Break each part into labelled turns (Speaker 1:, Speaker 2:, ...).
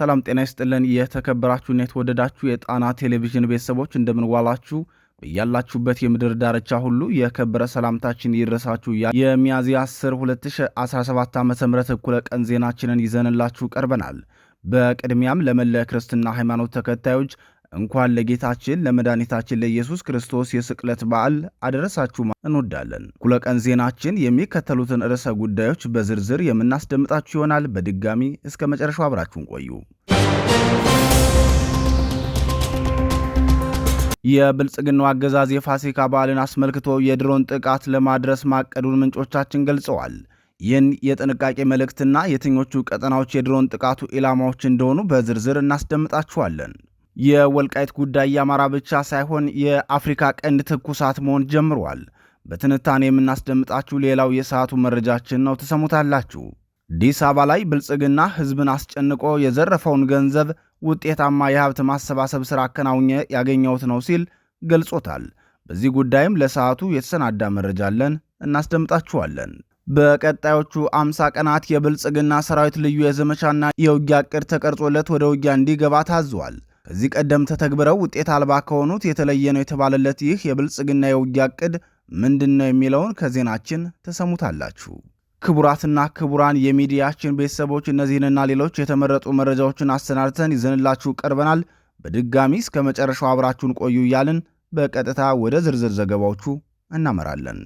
Speaker 1: ሰላም ጤና ይስጥልን። የተከበራችሁና የተወደዳችሁ የጣና ቴሌቪዥን ቤተሰቦች እንደምንዋላችሁ፣ በያላችሁበት የምድር ዳርቻ ሁሉ የከበረ ሰላምታችን ይድረሳችሁ። የሚያዝያ 10 2017 ዓ ም እኩለ ቀን ዜናችንን ይዘንላችሁ ቀርበናል። በቅድሚያም ለመለ ክርስትና ሃይማኖት ተከታዮች እንኳን ለጌታችን ለመድኃኒታችን ለኢየሱስ ክርስቶስ የስቅለት በዓል አደረሳችሁ እንወዳለን። እኩለ ቀን ዜናችን የሚከተሉትን ርዕሰ ጉዳዮች በዝርዝር የምናስደምጣችሁ ይሆናል። በድጋሚ እስከ መጨረሻው አብራችሁን ቆዩ። የብልጽግናው አገዛዝ የፋሲካ በዓልን አስመልክቶ የድሮን ጥቃት ለማድረስ ማቀዱን ምንጮቻችን ገልጸዋል። ይህን የጥንቃቄ መልእክትና የትኞቹ ቀጠናዎች የድሮን ጥቃቱ ኢላማዎች እንደሆኑ በዝርዝር እናስደምጣችኋለን። የወልቃይት ጉዳይ የአማራ ብቻ ሳይሆን የአፍሪካ ቀንድ ትኩሳት መሆን ጀምሯል። በትንታኔ የምናስደምጣችሁ ሌላው የሰዓቱ መረጃችን ነው፣ ትሰሙታላችሁ። አዲስ አበባ ላይ ብልጽግና ህዝብን አስጨንቆ የዘረፈውን ገንዘብ ውጤታማ የሀብት ማሰባሰብ ስራ አከናውኘ ያገኘሁት ነው ሲል ገልጾታል። በዚህ ጉዳይም ለሰዓቱ የተሰናዳ መረጃ አለን፣ እናስደምጣችኋለን። በቀጣዮቹ አምሳ ቀናት የብልጽግና ሰራዊት ልዩ የዘመቻና የውጊያ ቅር ተቀርጾለት ወደ ውጊያ እንዲገባ ታዟል። ከዚህ ቀደም ተተግብረው ውጤት አልባ ከሆኑት የተለየ ነው የተባለለት ይህ የብልጽግና የውጊያ እቅድ ምንድን ነው የሚለውን ከዜናችን ተሰሙታላችሁ። ክቡራትና ክቡራን የሚዲያችን ቤተሰቦች እነዚህንና ሌሎች የተመረጡ መረጃዎችን አሰናድተን ይዘንላችሁ ቀርበናል። በድጋሚ እስከ መጨረሻው አብራችሁን ቆዩ እያልን በቀጥታ ወደ ዝርዝር ዘገባዎቹ እናመራለን።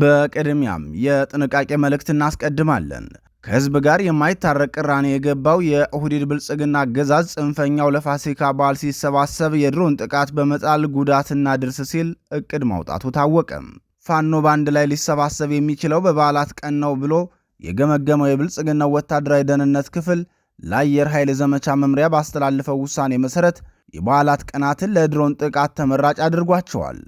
Speaker 1: በቅድሚያም የጥንቃቄ መልእክት እናስቀድማለን። ከህዝብ ጋር የማይታረቅ ቅራኔ የገባው የኦህዴድ ብልጽግና አገዛዝ ጽንፈኛው ለፋሲካ በዓል ሲሰባሰብ የድሮን ጥቃት በመጣል ጉዳትና ድርስ ሲል እቅድ ማውጣቱ ታወቀ። ፋኖ በአንድ ላይ ሊሰባሰብ የሚችለው በበዓላት ቀን ነው ብሎ የገመገመው የብልጽግናው ወታደራዊ ደህንነት ክፍል ለአየር ኃይል ዘመቻ መምሪያ ባስተላለፈው ውሳኔ መሠረት የበዓላት ቀናትን ለድሮን ጥቃት ተመራጭ አድርጓቸዋል።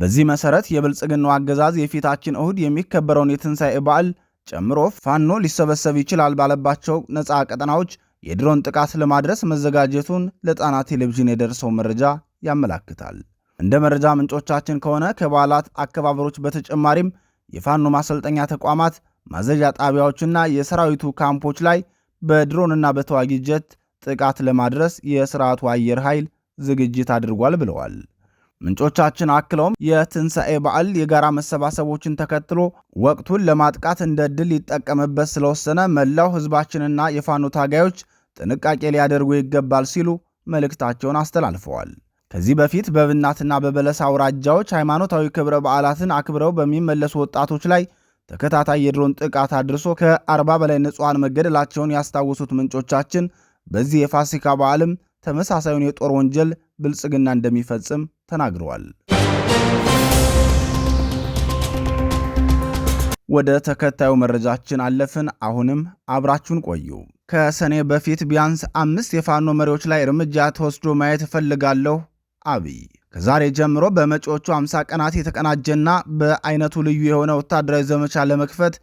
Speaker 1: በዚህ መሠረት የብልጽግናው አገዛዝ የፊታችን እሁድ የሚከበረውን የትንሣኤ በዓል ጨምሮ ፋኖ ሊሰበሰብ ይችላል ባለባቸው ነፃ ቀጠናዎች የድሮን ጥቃት ለማድረስ መዘጋጀቱን ለጣና ቴሌቪዥን የደረሰው መረጃ ያመላክታል። እንደ መረጃ ምንጮቻችን ከሆነ ከበዓላት አከባበሮች በተጨማሪም የፋኖ ማሰልጠኛ ተቋማት፣ ማዘዣ ጣቢያዎችና የሰራዊቱ ካምፖች ላይ በድሮንና በተዋጊ ጀት ጥቃት ለማድረስ የስርዓቱ አየር ኃይል ዝግጅት አድርጓል ብለዋል። ምንጮቻችን አክለውም የትንሣኤ በዓል የጋራ መሰባሰቦችን ተከትሎ ወቅቱን ለማጥቃት እንደ ድል ሊጠቀምበት ስለወሰነ መላው ሕዝባችንና የፋኖ ታጋዮች ጥንቃቄ ሊያደርጉ ይገባል ሲሉ መልእክታቸውን አስተላልፈዋል። ከዚህ በፊት በብናትና በበለሳ አውራጃዎች ሃይማኖታዊ ክብረ በዓላትን አክብረው በሚመለሱ ወጣቶች ላይ ተከታታይ የድሮን ጥቃት አድርሶ ከ40 በላይ ንጹሐን መገደላቸውን ያስታወሱት ምንጮቻችን በዚህ የፋሲካ በዓልም ተመሳሳዩን የጦር ወንጀል ብልጽግና እንደሚፈጽም ተናግረዋል። ወደ ተከታዩ መረጃችን አለፍን። አሁንም አብራችሁን ቆዩ። ከሰኔ በፊት ቢያንስ አምስት የፋኖ መሪዎች ላይ እርምጃ ተወስዶ ማየት እፈልጋለሁ አብይ ከዛሬ ጀምሮ በመጪዎቹ 50 ቀናት የተቀናጀና በአይነቱ ልዩ የሆነ ወታደራዊ ዘመቻ ለመክፈት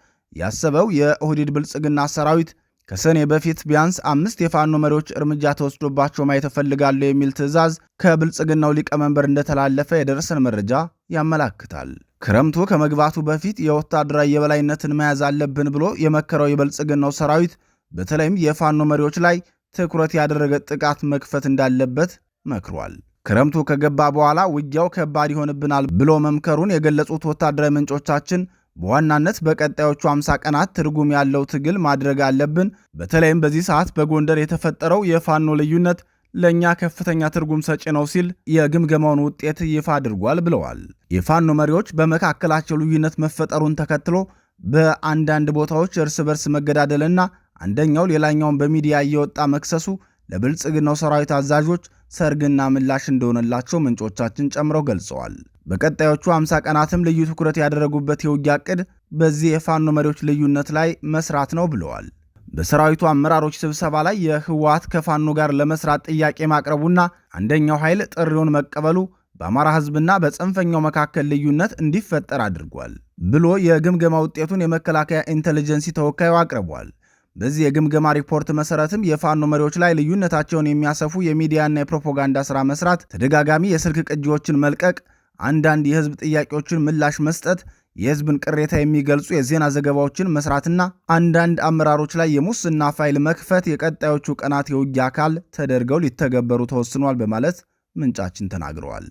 Speaker 1: ያሰበው የኦህዴድ ብልጽግና ሰራዊት ከሰኔ በፊት ቢያንስ አምስት የፋኖ መሪዎች እርምጃ ተወስዶባቸው ማየት እፈልጋለሁ የሚል ትዕዛዝ ከብልጽግናው ሊቀመንበር እንደተላለፈ የደረሰን መረጃ ያመላክታል። ክረምቱ ከመግባቱ በፊት የወታደራዊ የበላይነትን መያዝ አለብን ብሎ የመከረው የብልጽግናው ሰራዊት በተለይም የፋኖ መሪዎች ላይ ትኩረት ያደረገ ጥቃት መክፈት እንዳለበት መክሯል። ክረምቱ ከገባ በኋላ ውጊያው ከባድ ይሆንብናል ብሎ መምከሩን የገለጹት ወታደራዊ ምንጮቻችን በዋናነት በቀጣዮቹ 50 ቀናት ትርጉም ያለው ትግል ማድረግ አለብን። በተለይም በዚህ ሰዓት በጎንደር የተፈጠረው የፋኖ ልዩነት ለእኛ ከፍተኛ ትርጉም ሰጪ ነው ሲል የግምገማውን ውጤት ይፋ አድርጓል ብለዋል። የፋኖ መሪዎች በመካከላቸው ልዩነት መፈጠሩን ተከትሎ በአንዳንድ ቦታዎች እርስ በርስ መገዳደልና አንደኛው ሌላኛውን በሚዲያ እየወጣ መክሰሱ ለብልጽግናው ሰራዊት አዛዦች ሰርግና ምላሽ እንደሆነላቸው ምንጮቻችን ጨምረው ገልጸዋል። በቀጣዮቹ 50 ቀናትም ልዩ ትኩረት ያደረጉበት የውጊያ ዕቅድ በዚህ የፋኖ መሪዎች ልዩነት ላይ መስራት ነው ብለዋል። በሰራዊቱ አመራሮች ስብሰባ ላይ የህወሓት ከፋኖ ጋር ለመስራት ጥያቄ ማቅረቡና አንደኛው ኃይል ጥሪውን መቀበሉ በአማራ ህዝብና በጽንፈኛው መካከል ልዩነት እንዲፈጠር አድርጓል ብሎ የግምገማ ውጤቱን የመከላከያ ኢንቴሊጀንሲ ተወካዩ አቅርቧል። በዚህ የግምገማ ሪፖርት መሰረትም የፋኖ መሪዎች ላይ ልዩነታቸውን የሚያሰፉ የሚዲያና የፕሮፓጋንዳ ስራ መስራት፣ ተደጋጋሚ የስልክ ቅጂዎችን መልቀቅ አንዳንድ የህዝብ ጥያቄዎችን ምላሽ መስጠት፣ የህዝብን ቅሬታ የሚገልጹ የዜና ዘገባዎችን መስራትና አንዳንድ አመራሮች ላይ የሙስና ፋይል መክፈት የቀጣዮቹ ቀናት የውጊያ አካል ተደርገው ሊተገበሩ ተወስኗል በማለት ምንጫችን ተናግረዋል።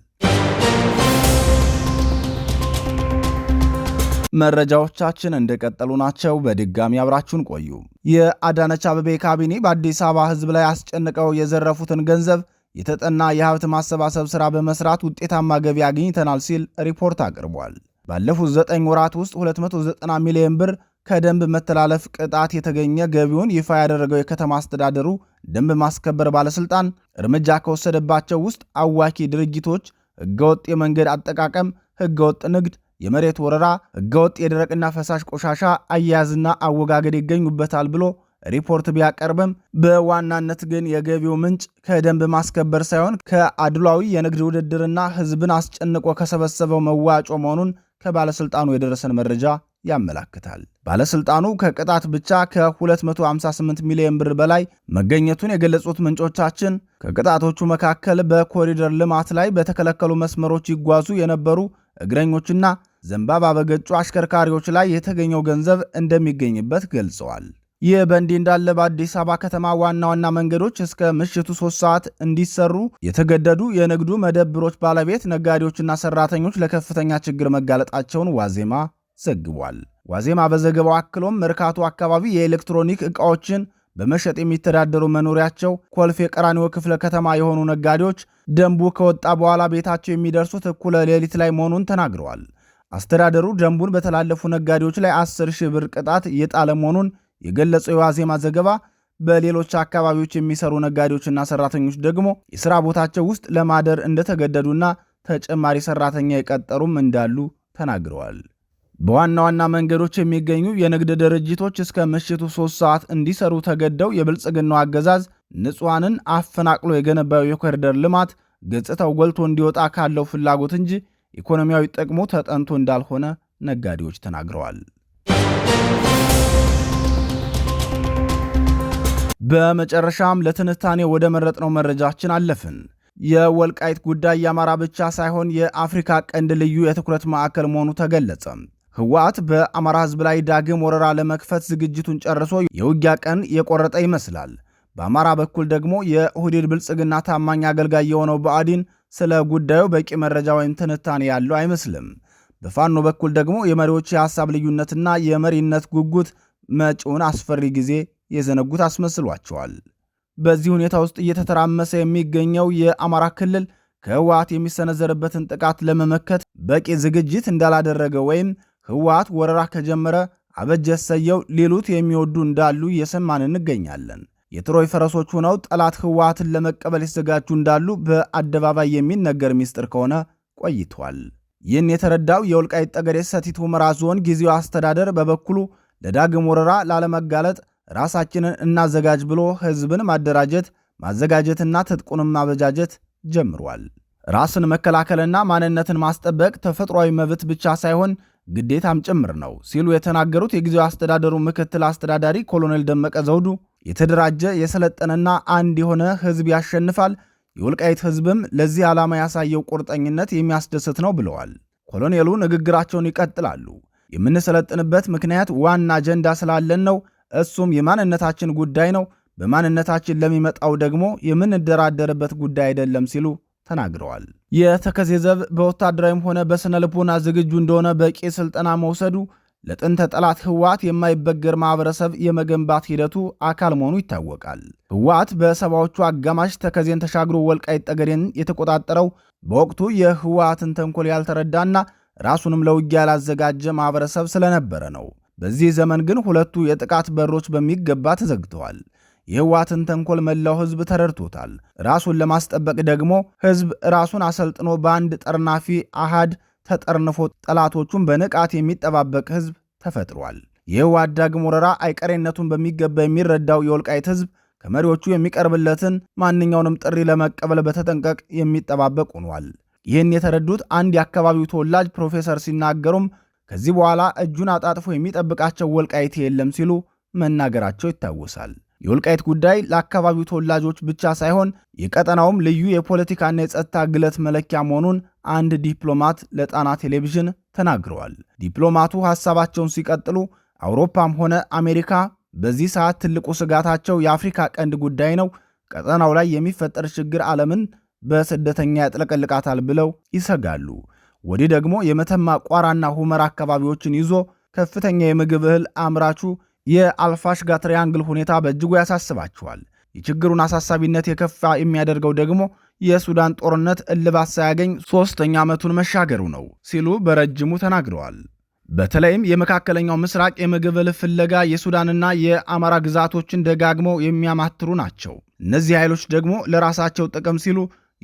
Speaker 1: መረጃዎቻችን እንደቀጠሉ ናቸው። በድጋሚ አብራችሁን ቆዩ። የአዳነች አበቤ ካቢኔ በአዲስ አበባ ህዝብ ላይ አስጨንቀው የዘረፉትን ገንዘብ የተጠና የሀብት ማሰባሰብ ሥራ በመስራት ውጤታማ ገቢ አግኝተናል ሲል ሪፖርት አቅርቧል። ባለፉት 9 ወራት ውስጥ 290 ሚሊዮን ብር ከደንብ መተላለፍ ቅጣት የተገኘ ገቢውን ይፋ ያደረገው የከተማ አስተዳደሩ ደንብ ማስከበር ባለስልጣን እርምጃ ከወሰደባቸው ውስጥ አዋኪ ድርጊቶች፣ ህገወጥ የመንገድ አጠቃቀም፣ ህገወጥ ንግድ፣ የመሬት ወረራ፣ ህገወጥ የደረቅና ፈሳሽ ቆሻሻ አያያዝና አወጋገድ ይገኙበታል ብሎ ሪፖርት ቢያቀርብም በዋናነት ግን የገቢው ምንጭ ከደንብ ማስከበር ሳይሆን ከአድሏዊ የንግድ ውድድርና ህዝብን አስጨንቆ ከሰበሰበው መዋጮ መሆኑን ከባለስልጣኑ የደረሰን መረጃ ያመላክታል። ባለስልጣኑ ከቅጣት ብቻ ከ258 ሚሊዮን ብር በላይ መገኘቱን የገለጹት ምንጮቻችን ከቅጣቶቹ መካከል በኮሪደር ልማት ላይ በተከለከሉ መስመሮች ይጓዙ የነበሩ እግረኞችና ዘንባባ በገጩ አሽከርካሪዎች ላይ የተገኘው ገንዘብ እንደሚገኝበት ገልጸዋል። ይህ በእንዲህ እንዳለ በአዲስ አበባ ከተማ ዋና ዋና መንገዶች እስከ ምሽቱ ሶስት ሰዓት እንዲሰሩ የተገደዱ የንግዱ መደብሮች ባለቤት ነጋዴዎችና ሰራተኞች ለከፍተኛ ችግር መጋለጣቸውን ዋዜማ ዘግቧል። ዋዜማ በዘገባው አክሎም መርካቶ አካባቢ የኤሌክትሮኒክ ዕቃዎችን በመሸጥ የሚተዳደሩ መኖሪያቸው ኮልፌ ቀራኒዮ ክፍለ ከተማ የሆኑ ነጋዴዎች ደንቡ ከወጣ በኋላ ቤታቸው የሚደርሱት እኩለ ሌሊት ላይ መሆኑን ተናግረዋል። አስተዳደሩ ደንቡን በተላለፉ ነጋዴዎች ላይ 10 ሺህ ብር ቅጣት እየጣለ መሆኑን የገለጸው የዋዜማ ዘገባ በሌሎች አካባቢዎች የሚሰሩ ነጋዴዎችና ሰራተኞች ደግሞ የስራ ቦታቸው ውስጥ ለማደር እንደተገደዱና ተጨማሪ ሰራተኛ የቀጠሩም እንዳሉ ተናግረዋል። በዋና ዋና መንገዶች የሚገኙ የንግድ ድርጅቶች እስከ ምሽቱ ሶስት ሰዓት እንዲሰሩ ተገደው የብልጽግናው አገዛዝ ንጹሐንን አፈናቅሎ የገነባው የኮሪደር ልማት ገጽታው ጎልቶ እንዲወጣ ካለው ፍላጎት እንጂ ኢኮኖሚያዊ ጥቅሙ ተጠንቶ እንዳልሆነ ነጋዴዎች ተናግረዋል። በመጨረሻም ለትንታኔ ወደ መረጥነው መረጃችን አለፍን። የወልቃይት ጉዳይ የአማራ ብቻ ሳይሆን የአፍሪካ ቀንድ ልዩ የትኩረት ማዕከል መሆኑ ተገለጸ። ህወሓት በአማራ ህዝብ ላይ ዳግም ወረራ ለመክፈት ዝግጅቱን ጨርሶ የውጊያ ቀን የቆረጠ ይመስላል። በአማራ በኩል ደግሞ የሁዲድ ብልጽግና ታማኝ አገልጋይ የሆነው ብአዴን ስለ ጉዳዩ በቂ መረጃ ወይም ትንታኔ ያለው አይመስልም። በፋኖ በኩል ደግሞ የመሪዎች የሐሳብ ልዩነትና የመሪነት ጉጉት መጪውን አስፈሪ ጊዜ የዘነጉት አስመስሏቸዋል። በዚህ ሁኔታ ውስጥ እየተተራመሰ የሚገኘው የአማራ ክልል ከህወሓት የሚሰነዘርበትን ጥቃት ለመመከት በቂ ዝግጅት እንዳላደረገ ወይም ህወሓት ወረራ ከጀመረ አበጀ ሰየው ሊሉት የሚወዱ እንዳሉ እየሰማን እንገኛለን። የትሮይ ፈረሶች ሆነው ጠላት ህወሓትን ለመቀበል የተዘጋጁ እንዳሉ በአደባባይ የሚነገር ሚስጥር ከሆነ ቆይቷል። ይህን የተረዳው የወልቃይት ጠገዴ ሰቲት ሁመራ ዞን ጊዜው አስተዳደር በበኩሉ ለዳግም ወረራ ላለመጋለጥ ራሳችንን እናዘጋጅ ብሎ ህዝብን ማደራጀት ማዘጋጀትና ትጥቁንም ማበጃጀት ጀምሯል። ራስን መከላከልና ማንነትን ማስጠበቅ ተፈጥሯዊ መብት ብቻ ሳይሆን ግዴታም ጭምር ነው ሲሉ የተናገሩት የጊዜው አስተዳደሩ ምክትል አስተዳዳሪ ኮሎኔል ደመቀ ዘውዱ የተደራጀ የሰለጠነና አንድ የሆነ ህዝብ ያሸንፋል፣ የወልቃይት ህዝብም ለዚህ ዓላማ ያሳየው ቁርጠኝነት የሚያስደስት ነው ብለዋል። ኮሎኔሉ ንግግራቸውን ይቀጥላሉ። የምንሰለጥንበት ምክንያት ዋና አጀንዳ ስላለን ነው እሱም የማንነታችን ጉዳይ ነው። በማንነታችን ለሚመጣው ደግሞ የምንደራደርበት ጉዳይ አይደለም ሲሉ ተናግረዋል። የተከዜ ዘብ በወታደራዊም ሆነ በስነ ልቦና ዝግጁ እንደሆነ በቂ ስልጠና መውሰዱ ለጥንተ ጠላት ህወሓት የማይበገር ማህበረሰብ የመገንባት ሂደቱ አካል መሆኑ ይታወቃል። ህወሓት በሰባዎቹ አጋማሽ ተከዜን ተሻግሮ ወልቃይት ጠገዴን የተቆጣጠረው በወቅቱ የህወሓትን ተንኮል ያልተረዳና ራሱንም ለውጊያ ያላዘጋጀ ማህበረሰብ ስለነበረ ነው። በዚህ ዘመን ግን ሁለቱ የጥቃት በሮች በሚገባ ተዘግተዋል። የህወሓትን ተንኮል መላው ህዝብ ተረድቶታል። ራሱን ለማስጠበቅ ደግሞ ህዝብ ራሱን አሰልጥኖ በአንድ ጠርናፊ አሃድ ተጠርንፎ ጠላቶቹን በንቃት የሚጠባበቅ ህዝብ ተፈጥሯል። የህወሓት ዳግም ወረራ አይቀሬነቱን በሚገባ የሚረዳው የወልቃይት ህዝብ ከመሪዎቹ የሚቀርብለትን ማንኛውንም ጥሪ ለመቀበል በተጠንቀቅ የሚጠባበቅ ሆኗል። ይህን የተረዱት አንድ የአካባቢው ተወላጅ ፕሮፌሰር ሲናገሩም ከዚህ በኋላ እጁን አጣጥፎ የሚጠብቃቸው ወልቃይት የለም ሲሉ መናገራቸው ይታወሳል። የወልቃይት ጉዳይ ለአካባቢው ተወላጆች ብቻ ሳይሆን የቀጠናውም ልዩ የፖለቲካና የጸጥታ ግለት መለኪያ መሆኑን አንድ ዲፕሎማት ለጣና ቴሌቪዥን ተናግረዋል። ዲፕሎማቱ ሐሳባቸውን ሲቀጥሉ አውሮፓም ሆነ አሜሪካ በዚህ ሰዓት ትልቁ ስጋታቸው የአፍሪካ ቀንድ ጉዳይ ነው። ቀጠናው ላይ የሚፈጠር ችግር ዓለምን በስደተኛ ያጥለቀልቃታል ብለው ይሰጋሉ። ወዲህ ደግሞ የመተማ ቋራና ሁመራ አካባቢዎችን ይዞ ከፍተኛ የምግብ እህል አምራቹ ጋ ትሪያንግል ሁኔታ በእጅጉ ያሳስባቸዋል። የችግሩን አሳሳቢነት የከፋ የሚያደርገው ደግሞ የሱዳን ጦርነት እልባት ሳያገኝ ሦስተኛ ዓመቱን መሻገሩ ነው ሲሉ በረጅሙ ተናግረዋል። በተለይም የመካከለኛው ምስራቅ የምግብ እህል ፍለጋ የሱዳንና የአማራ ግዛቶችን ደጋግመው የሚያማትሩ ናቸው። እነዚህ ኃይሎች ደግሞ ለራሳቸው ጥቅም ሲሉ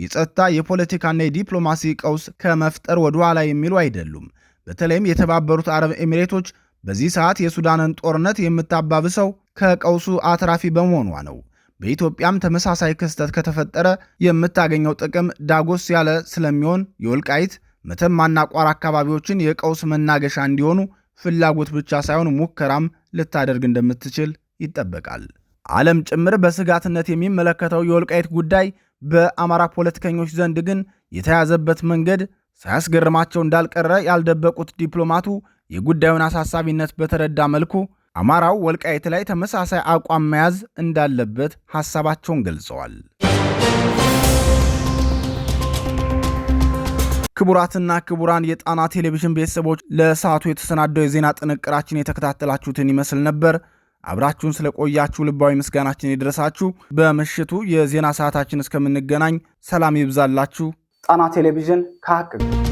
Speaker 1: የጸጥታ የፖለቲካና የዲፕሎማሲ ቀውስ ከመፍጠር ኋላ የሚሉ አይደሉም። በተለይም የተባበሩት አረብ ኤሚሬቶች በዚህ ሰዓት የሱዳንን ጦርነት የምታባብሰው ከቀውሱ አትራፊ በመሆኗ ነው። በኢትዮጵያም ተመሳሳይ ክስተት ከተፈጠረ የምታገኘው ጥቅም ዳጎስ ያለ ስለሚሆን የወልቃይት መተማና ቋር አካባቢዎችን የቀውስ መናገሻ እንዲሆኑ ፍላጎት ብቻ ሳይሆን ሙከራም ልታደርግ እንደምትችል ይጠበቃል። ዓለም ጭምር በስጋትነት የሚመለከተው የወልቃይት ጉዳይ በአማራ ፖለቲከኞች ዘንድ ግን የተያዘበት መንገድ ሳያስገርማቸው እንዳልቀረ ያልደበቁት ዲፕሎማቱ የጉዳዩን አሳሳቢነት በተረዳ መልኩ አማራው ወልቃይት ላይ ተመሳሳይ አቋም መያዝ እንዳለበት ሐሳባቸውን ገልጸዋል። ክቡራትና ክቡራን የጣና ቴሌቪዥን ቤተሰቦች ለሰዓቱ የተሰናደው የዜና ጥንቅራችን የተከታተላችሁትን ይመስል ነበር። አብራችሁን ስለቆያችሁ ልባዊ ምስጋናችን ይድረሳችሁ። በምሽቱ የዜና ሰዓታችን እስከምንገናኝ ሰላም ይብዛላችሁ። ጣና ቴሌቪዥን ከሀቅ